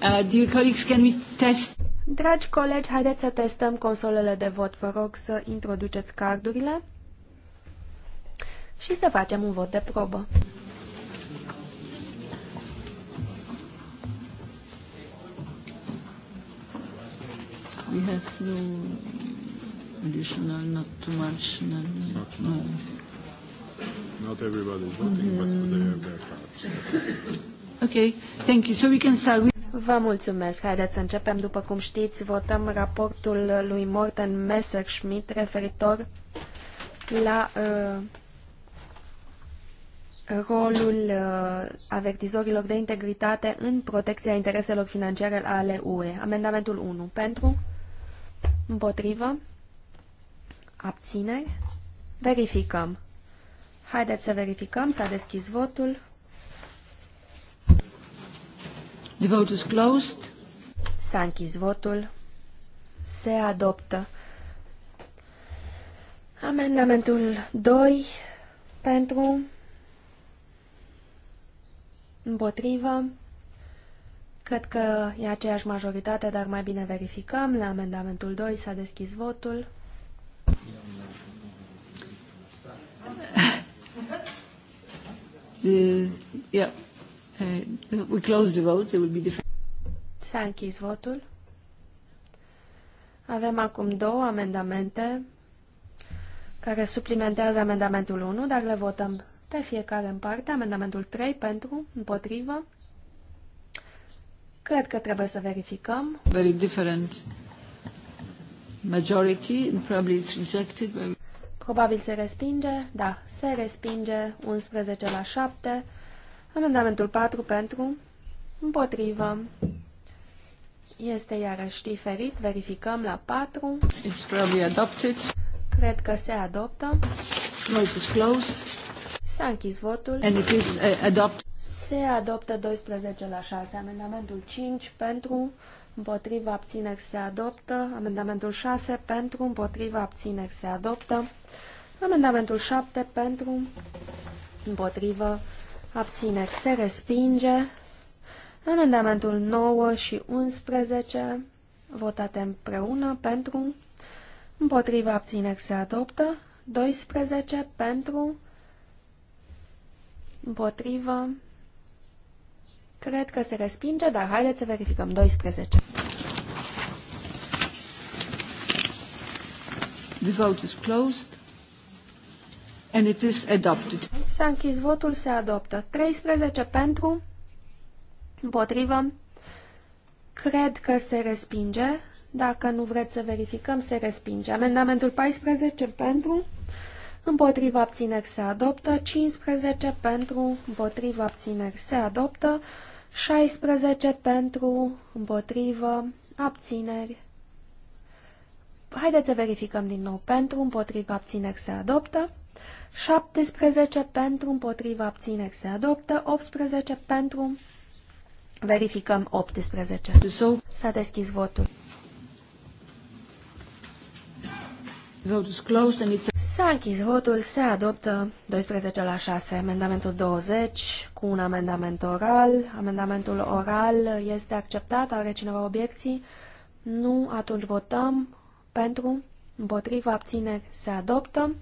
Uh, dear colleagues, can we test? Dragi colegi, haideți să testăm consolele de vot. Vă rog să introduceți cardurile și să facem un vot de probă. We have no additional, not too much. No, not, no. not everybody voting, mm -hmm. but they have their cards. Okay, thank you. So we can start with... Vă mulțumesc. Haideți să începem. După cum știți, votăm raportul lui Morten Messerschmidt referitor la uh, rolul uh, avertizorilor de integritate în protecția intereselor financiare ale UE. Amendamentul 1. Pentru? Împotrivă? Abțineri? Verificăm. Haideți să verificăm. S-a deschis votul. The vote is closed. S-a închis votul. Se adoptă. Amendamentul 2 pentru împotrivă. Cred că e aceeași majoritate, dar mai bine verificăm. La amendamentul 2 s-a deschis votul. Uh, yeah. Uh, we close the vote. will be S-a închis votul. Avem acum două amendamente care suplimentează amendamentul 1, dar le votăm pe fiecare în parte. Amendamentul 3 pentru, împotrivă. Cred că trebuie să verificăm. Very different majority, probably it's rejected. Probabil se respinge, da, se respinge 11 la 7. Amendamentul 4 pentru, împotrivă, este iarăși diferit. Verificăm la 4. It's probably adopted. Cred că se adoptă. Vote is closed. S-a închis votul. And it is uh, adopted. Se adoptă 12 la 6. Amendamentul 5 pentru, împotriva abțineri se adoptă. Amendamentul 6 pentru, împotriva abțineri se adoptă. Amendamentul 7 pentru, împotrivă abțineri se respinge. Amendamentul 9 și 11, votate împreună pentru, împotriva abțineri se adoptă, 12 pentru, împotrivă, cred că se respinge, dar haideți să verificăm, 12. The vote is closed. And it is adopted. S-a închis votul, se adoptă. 13 pentru, împotrivă, cred că se respinge. Dacă nu vreți să verificăm, se respinge. Amendamentul 14 pentru, împotriva abțineri se adoptă, 15 pentru, împotriva abțineri se adoptă, 16 pentru, împotrivă, abțineri. Haideți să verificăm din nou pentru, împotriva abțineri se adoptă. 17 pentru, împotriva abțineri se adoptă, 18 pentru, verificăm 18. S-a deschis votul. S-a închis votul, se adoptă 12 la 6, amendamentul 20 cu un amendament oral. Amendamentul oral este acceptat, are cineva obiecții? Nu, atunci votăm pentru, împotriva abțineri se adoptă.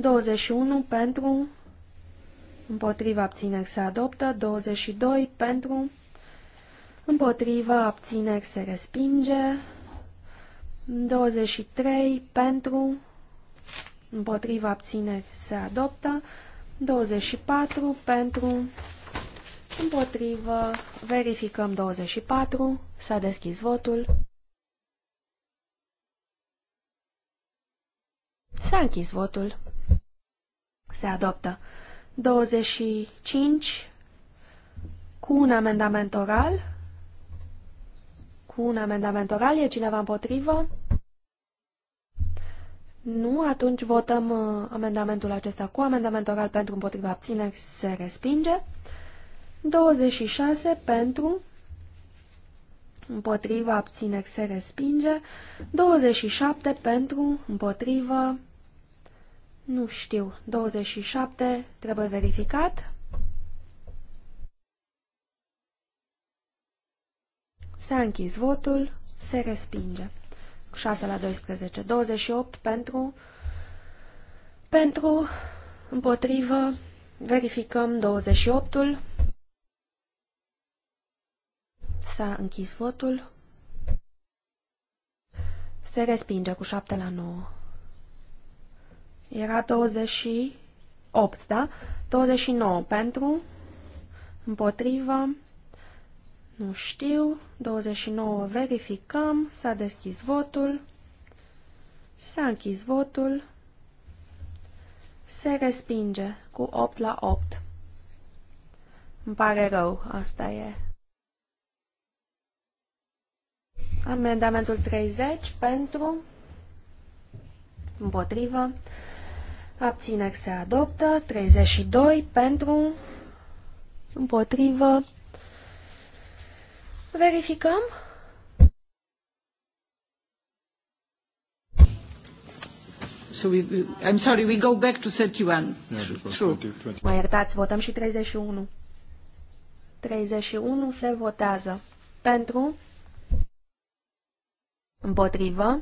21 pentru, împotriva abțineri se adoptă, 22 pentru, împotriva abțineri se respinge, 23 pentru, împotriva abțineri se adoptă, 24 pentru, împotrivă, verificăm 24, s-a deschis votul, s-a închis votul. Se adoptă. 25 cu un amendament oral. Cu un amendament oral. E cineva împotrivă? Nu, atunci votăm uh, amendamentul acesta cu amendament oral pentru împotriva abțineri se respinge. 26 pentru împotriva abțineri se respinge. 27 pentru împotriva nu știu. 27 trebuie verificat. S-a închis votul. Se respinge. 6 la 12. 28 pentru. Pentru. Împotrivă. Verificăm 28-ul. S-a închis votul. Se respinge cu 7 la 9. Era 28, da? 29 pentru, împotrivă, nu știu, 29 verificăm, s-a deschis votul, s-a închis votul, se respinge cu 8 la 8. Îmi pare rău, asta e. Amendamentul 30 pentru, împotrivă, Abțineri se adoptă. 32 pentru. Împotrivă. Verificăm. So we, I'm sorry, we go back to 31. True. Mă iertați, votăm și 31. 31 se votează. Pentru. Împotrivă.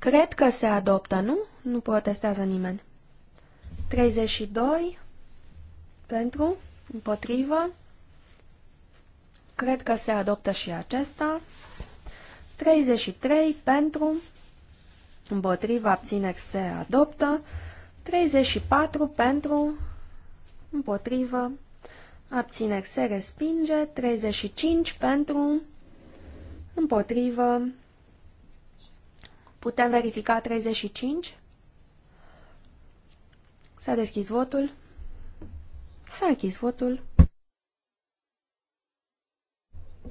Cred că se adoptă, nu? Nu protestează nimeni. 32 pentru, împotrivă. Cred că se adoptă și acesta. 33 pentru, împotriva abțineri se adoptă. 34 pentru, împotrivă, abțineri se respinge. 35 pentru, împotrivă, Putem verifica 35? S-a deschis votul. S-a închis votul.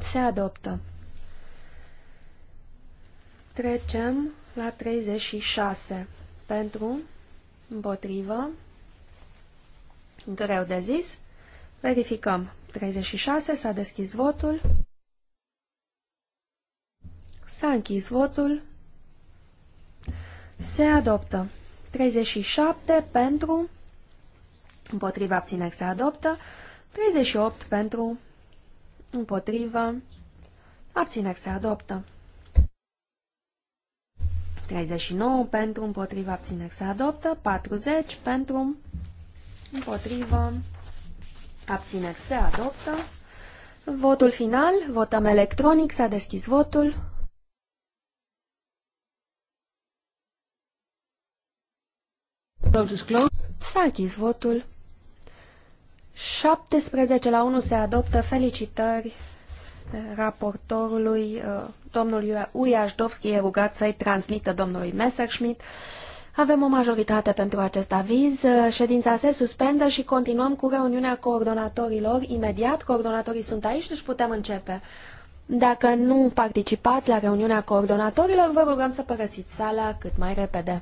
Se adoptă. Trecem la 36. Pentru, împotrivă, greu de zis, verificăm. 36, s-a deschis votul. S-a închis votul. Se adoptă. 37 pentru, împotriva abțineri se adoptă. 38 pentru, împotriva, abțineri se adoptă. 39 pentru, împotriva, abțineri se adoptă. 40 pentru, împotriva, abțineri se adoptă. Votul final, votăm electronic, s-a deschis votul. Vote is S-a închis votul. 17 la 1 se adoptă. Felicitări eh, raportorului. Eh, domnul Uiașdovski e rugat să-i transmită domnului Messerschmidt. Avem o majoritate pentru acest aviz. Eh, ședința se suspendă și continuăm cu reuniunea coordonatorilor. Imediat, coordonatorii sunt aici, deci putem începe. Dacă nu participați la reuniunea coordonatorilor, vă rugăm să părăsiți sala cât mai repede.